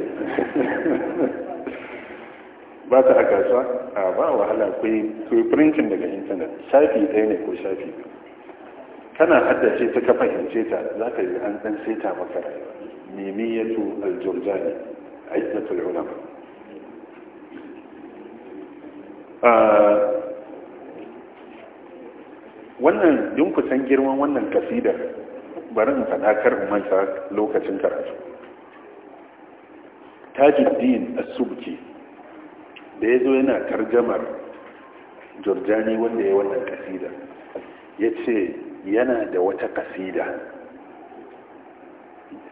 ba ta a kasuwa a ba wahala kai kai printin daga intanet shafi ɗaya ne ko shafi kana haddace ta ka fahimce ta za ka yi an ɗan seta maka rayuwa mimiyatu aljurjani aidatul ulama wannan yin kusan girman wannan kasidar bari in faɗa manta lokacin karatu tajuddin as-subki da ya zo yana tarjamar jorjani wanda ya wannan kasida ya ce yana da wata kasida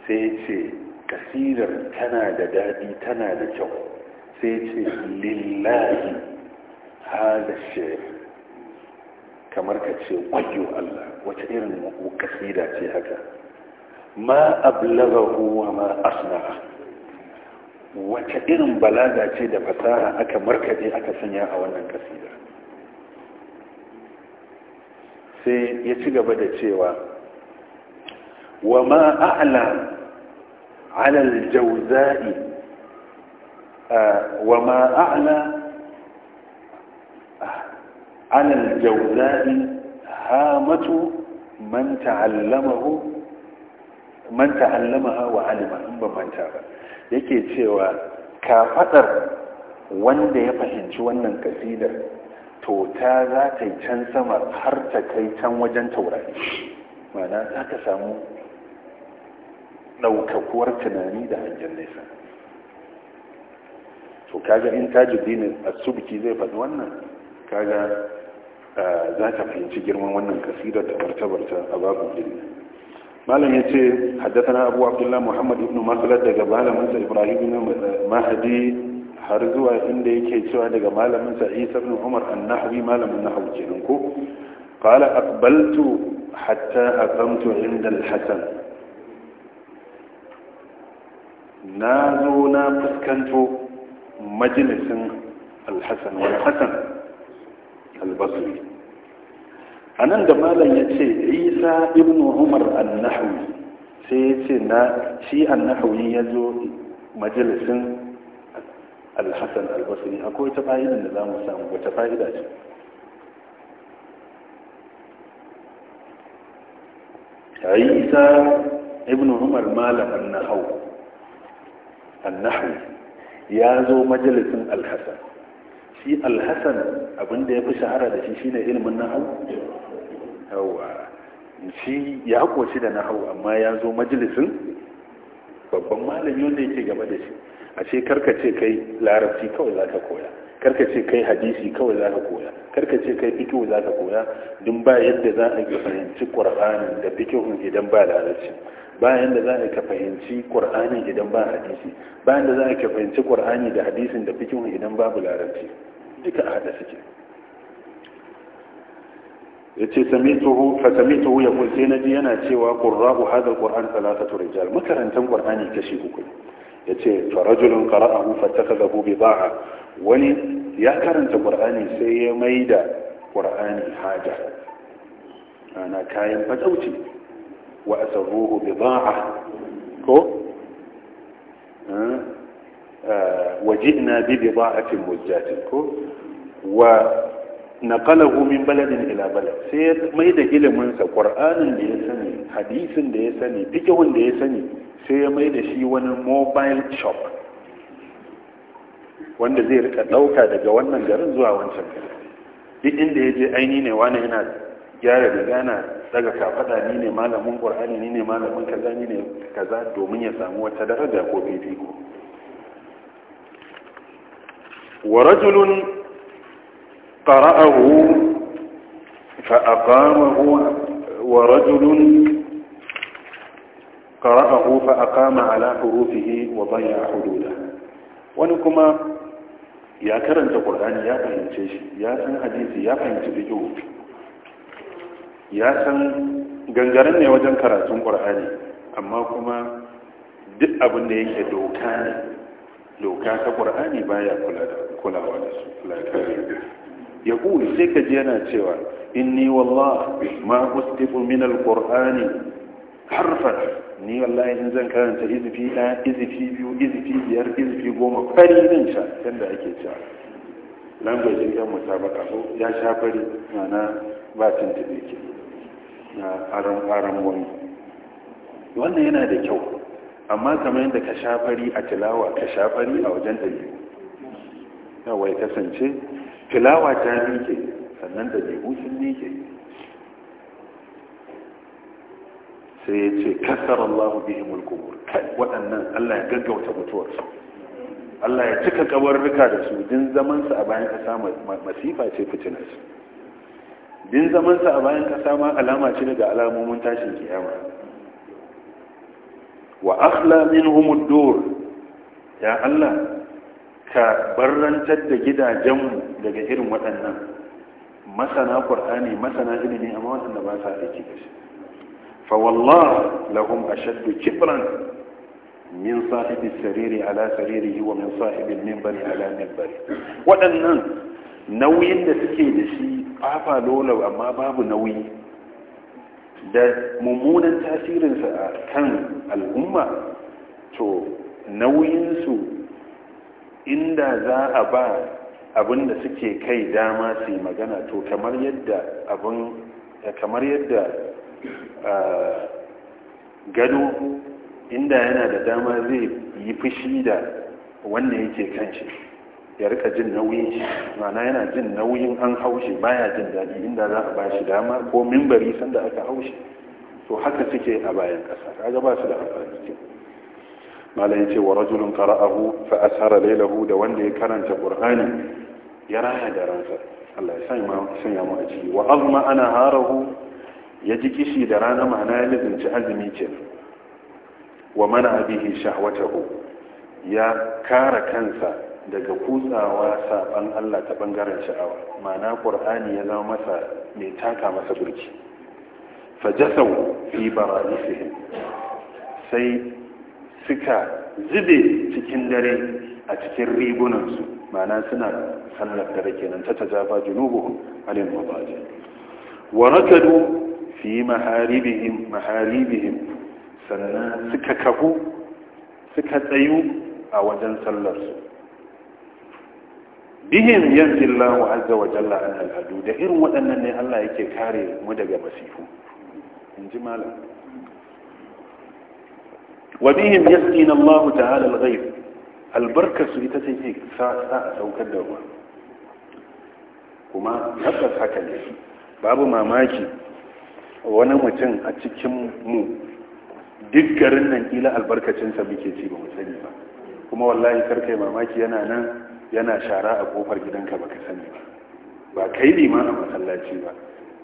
sai ya ce kasidar tana da daɗi tana da kyau sai ya ce lillahi hada shekara kamar ka ce wayo Allah wata irin kasida ce haka ma ablaga wa ma asna wata irin balaga ce da fasaha aka markaje aka sanya a wannan kasida sai ya ci gaba da cewa wa ma a'ala alal jauza'i wa ma a'ala. عن الجوزاء هامة matu تعلمه man wa alima in ba manta ba yake cewa kafadar wanda ya fahimci wannan kasidar to ta za ta yi can sama har ta kai can wajen taurari mana za ta samu ɗaukakuwar tunani da hangen nesa to kaga in tajibinin biki zai faɗi wannan kaga za ka fahimci girman wannan kasidar da martabarta a babu ilimi malam ya ce na abu abdullah Muhammadu ibn masalat daga malaminsa ibrahim na mahadi har zuwa inda yake cewa daga malaminsa isa ibn umar an annahwi malamin nahawu kenan ko قال أقبلت حتى أقمت عند Na نازونا فسكنت مجلس الحسن والحسن albasri a nan da malam ya ce isa ibn umar annahawi sai ya ce na shi annahawi ya zo majalisin alhassan albasri akwai ta fa'idan da za mu samu wata fa'ida ce isa ibn umar malam annahawi ya zo majalisin alhassan shi alhassan da ya fi shahara da shi shine ilimin hau yawa shi ya hakoci da na hau amma ya zo majalisun? babban malami wanda yake gaba da shi a ce karkace kai larabci kawai za ka koya karkace kai hadisi kawai za ka koya karkace kai fikihu za ka koya don ba yadda za a fahimci ƙwarfanin da fikihun idan ba larabci bayan da za a ka fahimci ƙur'ani idan ba hadisi bayan da za a ka fahimci ƙur'ani da hadisin da fikihun idan babu larabci duka a haɗa suke ya ce fasamituhu ya kulce na ji yana cewa ƙurra'u hadar ƙur'an talatatu rijal makarantar ƙur'ani kashi uku ya ce farajulun ƙara'ahu fattaka da bi ba'a wani ya karanta ƙur'ani sai ya mai da ƙur'ani haja ana kayan fatauci wa asarruhu bida'a ko eh, eh, wajidna bi bida'atin mujjatin ko wa naqalahu min baladin ila balad sai ya mai da ilimin sa qur'anin da ya sani hadisin da ya sani fiqhun da ya sani sai ya mai da shi wani mobile shop wanda zai rika dauka daga wannan garin zuwa wancan garin duk inda ya je aini ne wani yana gyara da gana daga kafada ni ne malamin qur'ani ni ne malamin kaza ni ne kaza domin ya samu wata daraja ko fifiko wa rajulun qara'ahu fa aqamahu wa rajulun qara'ahu fa aqama ala hurufihi wa dayya hududa wani kuma ya karanta qur'ani ya fahimce shi ya san hadisi ya fahimci fiqh ya san gangaren ne wajen karatun ƙur'ani amma kuma duk abin da yake doka ne doka ta ƙur'ani baya kulawa da su ya ƙuri sai ka ji yana cewa inni wallah ma ustifu min alƙur'ani harfar ni wallahi in zan karanta izifi ɗaya izifi biyu izifi biyar izifi goma fari zan sha yadda ake cewa lambajin yan musabaka ya sha fari mana ba tuntuɓe ke na aron wani wannan yana da kyau amma kamar yadda ka shafari a tilawa ka shafari a wajen ɗabi'u yawai kasance tilawa ta nike sannan ɗabi'u sun nike sai ya ce kasar allahu bihimul mulku waɗannan allah ya gaggauta mutuwarsu Allah ya cika kabarruka da su din zamansa a bayan ƙasa masifa ce fitinarsu din zamansa a bayan kasa ma alama ce daga alamomin tashin kiyama wa akhla minhum ad-dur ya Allah ka barrantar da gidajenmu daga irin waɗannan masana qur'ani masana ilimi amma waɗanda ba sa aiki da shi fa wallahi lahum ashaddu kibran min sahibi sariri ala saririhi wa min sahibi minbari ala minbari waɗannan nauyin da suke da shi fafa lola amma babu nauyi da mummunan tasirinsa a kan al'umma to nauyinsu inda za a ba abin da suke kai dama su magana to kamar yadda abin kamar yadda gado inda yana da dama zai yi fushi da wanda yake kan shi ya rika jin nauyin shi ma'ana yana jin nauyin an haushe baya jin daɗi inda za a bashi dama ko mimbari sanda aka haushe to haka suke a bayan ƙasa kaga ba su da amfani ke malam ce wa rajulun qara'ahu fa ashara laylahu da wanda ya karanta qur'ani ya raya da ransa Allah ya sanya mu sanya mu a ciki wa azma ana harahu ya ji kishi da rana ma'ana ya lizinci azumi ce wa mana bihi shahwatahu ya kara kansa daga kutsawa saban Allah ta bangaren sha'awa ma'ana ƙur'ani ya zama masa mai taka masa burki fajasau fi baradisihim sai suka zube cikin dare a cikin rigunansu ma'ana suna sallar dare kenan ta tajafa junubuhum alil baje. wa rakadu fi maharibihim maharibihim sannan suka kahu suka tsayu a wajen sallarsu Bihin yanzu Allahu azza wa jalla an al'adu da irin waɗannan ne Allah yake kare mu daga masifu in ji malam wa bihim yasqina Allah ta'ala al-ghayb albarka su ita ce ke sa a saukar da ruwa kuma tabbas haka ne babu mamaki wani mutum a cikin mu duk garin nan kila albarkacinsa muke ci ba mu sani ba kuma wallahi karkai mamaki yana nan yana shara a kofar gidanka baka sani ba ba kai liman a masallaci ba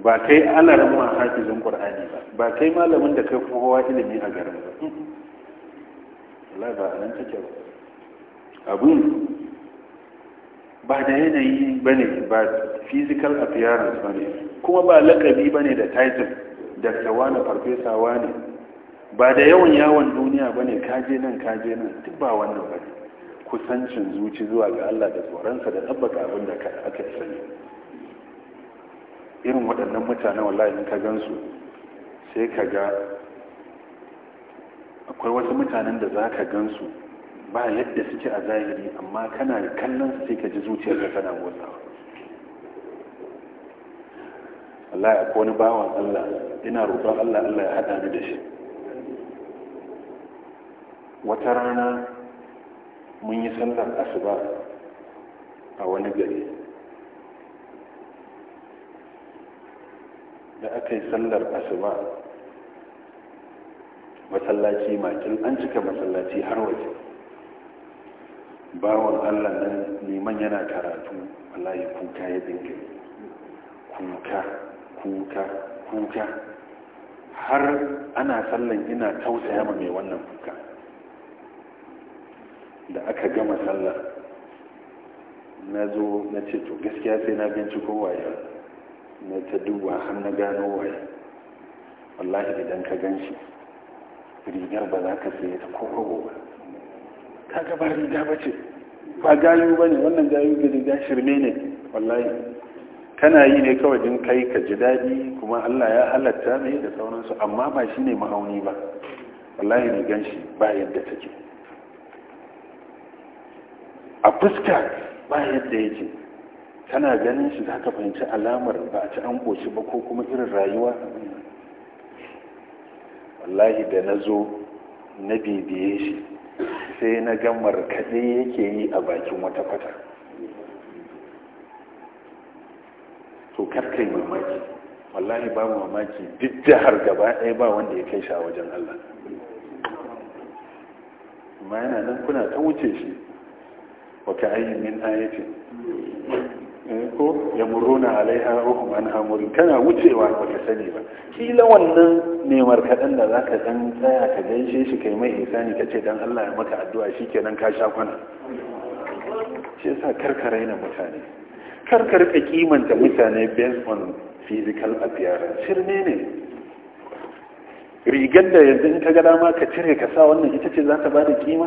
ba kai alarin ma hafizin qur'ani ba ba kai malamin da kai kowa ilimi a garin ba Allah ba nan take ba abun ba da yanayi ba ne ba physical appearance ba ne kuma ba lakabi ba ne da title dakta wani farfesa wani ba da yawan yawon duniya ba ne kaje nan kaje nan duk ba wannan ba ne kusancin zuci zuwa ga Allah da tsoronsa da tabbata abin da aka sani irin waɗannan mutane wallahi in ka gansu sai ka ga akwai wasu mutanen da za ka gansu ba yadda suke a zahiri amma kana kallon su sai ka ji ka tana motsawa Allah ya wani bawan Allah ina roƙon Allah Allah ya haɗa ni da shi wata rana mun yi sallar asuba a wani gari da aka yi sallar asuba masallaci makin an cika masallaci har waje bawon allah nan neman yana karatu wallahi kuka ya dinga kuka kuka kuka har ana sallan ina tausaya ma mai wannan kuka da aka gama sallah na zo na ce to gaskiya sai na binciko waye na ta duba har na gano waye wallahi idan ka gan shi rigar ba za ka saye ta koko ba ka gaba riga ba ce ba gayu ba ne wannan gayu da riga shirme ne wallahi kana yi ne kawai jin kai ka ji daɗi kuma allah ya halatta ne da sauransu amma ba shi ne ma'auni ba wallahi ne gan shi ba yadda take a fuska ba yadda yake kana ganin shi za ka fahimci alamar ba a ci an ƙoshi ba ko kuma irin rayuwa wallahi da na zo na bibiye shi sai na ga markaɗe yake yi a bakin wata fata to karka yi mamaki wallahi ba mamaki duk jihar gaba ɗaya ba wanda ya kai shi a wajen allah amma yana nan kuna ta wuce shi wata ayin min ayatin eh, ko ya muruna alaiha ruhum an hamurin kana wucewa ba ka sani ba kila wannan nemar kaɗan da za ka dan tsaya ka gaishe shi kai mai isani ka ce don Allah ya maka addu'a shi nan ka sha kwana shi yasa raina mutane karka rika kimanta mutane based on physical appearance shirme ne rigar da yanzu in ka ga dama ka cire ka sa wannan ita ce za ta bada kima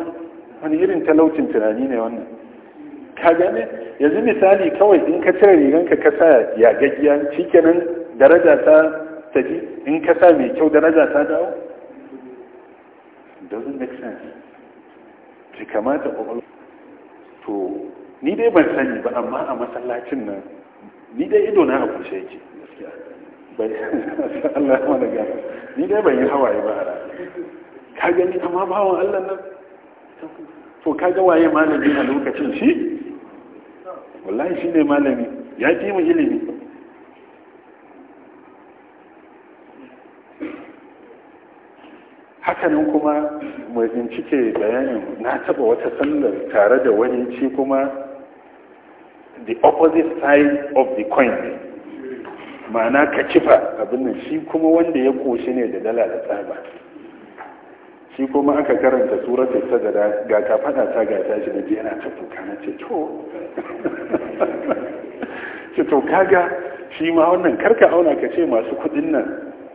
wani irin talaucin tunani ne wannan ka gane yanzu misali kawai in ka cire rigar ka sa ya gaggiya kenan daraja ta tafi in ka sa mai kyau daraja ta dawo doesn't make sense ki kamata kwakwalwa to ni dai ban sani ba amma a masallacin nan ni dai ido na abu shi yake bai Allah ya mana ni dai ban yi hawaye ba a ka gani amma bawon Allah nan to kaga waye malami a lokacin shi wallahi shi ne malami ya fi mu ilimi hakanan kuma mu bincike bayanin na taba wata sallar tare da wani ci kuma the opposite side of the coin ma'ana ka cifa abin shi kuma wanda ya koshi ne da dala da tsaba shi kuma aka karanta suratul sajada ga ta fada ta ga tashi da jiya na ta kuka na ce to ce to kaga shi ma wannan karka auna ka ce masu kudin nan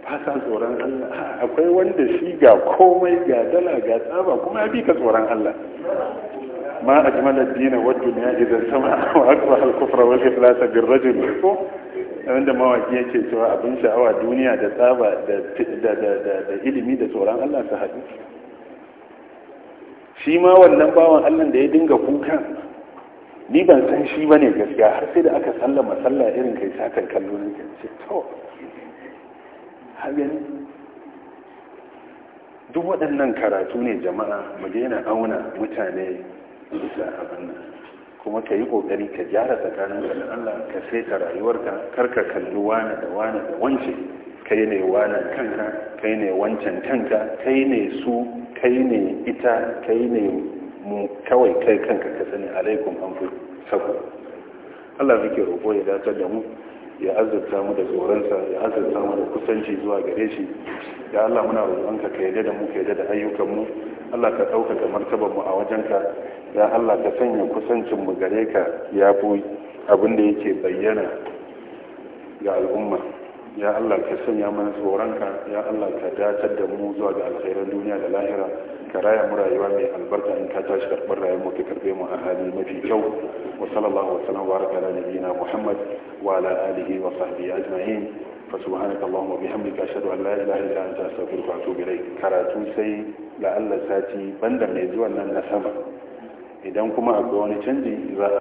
fasa tsoron Allah akwai wanda shi ga komai ga dala ga tsaba kuma ya bi ka tsoron Allah ma ajmal ad-din wa ad idan sama wa akrah al-kufr wal iflas bil ko wanda mawaki yake cewa abin sha'awa duniya da tsaba da ilimi da tsoron Allah su haɗu shi ma wannan bawan Allah da ya dinga kuka ni ban san shi ba ne gaskiya har sai da aka sallama sallah irin kai satan kallo ne kan ce to duk waɗannan karatu ne jama'a mu daina auna mutane bisa abin nan kuma ka yi ƙoƙari ka gyara tsakanin da Allah ka saita rayuwarka kar ka kalli wane da wane da wance kai ne wane kanka kai ne wancan kanka kai ne su kai ne ita kai ne mu kawai kai kanka ka sani alaikum an fi sako Allah ke roƙo ya dace da mu ya azurta mu da tsoronsa ya azurta mu da kusanci zuwa gare shi ya Allah muna roƙonka ka yarda da mu ka yarda da ayyukan mu Allah ka ɗaukaka martabar mu a wajenka ya Allah ka sanya kusancin mu gare ka ya fi abin da yake bayyana ga al'umma ya Allah ka sanya mana tsoronka ya Allah ka dacar da mu zuwa ga alkhairan duniya da lahira ka raya mu rayuwa mai albarka in ka tashi karɓar rayuwar mu ka karɓe mu a hali mafi kyau wa sallallahu wa sallam wa baraka ala muhammad wa ala alihi wa sahbihi ajma'in fa subhanaka allahumma bihamdika ashhadu an la ilaha illa anta astaghfiruka wa atubu ilayk karatu sai la'alla sati banda mai zuwan nan na sama idan kuma akwai wani canji za a.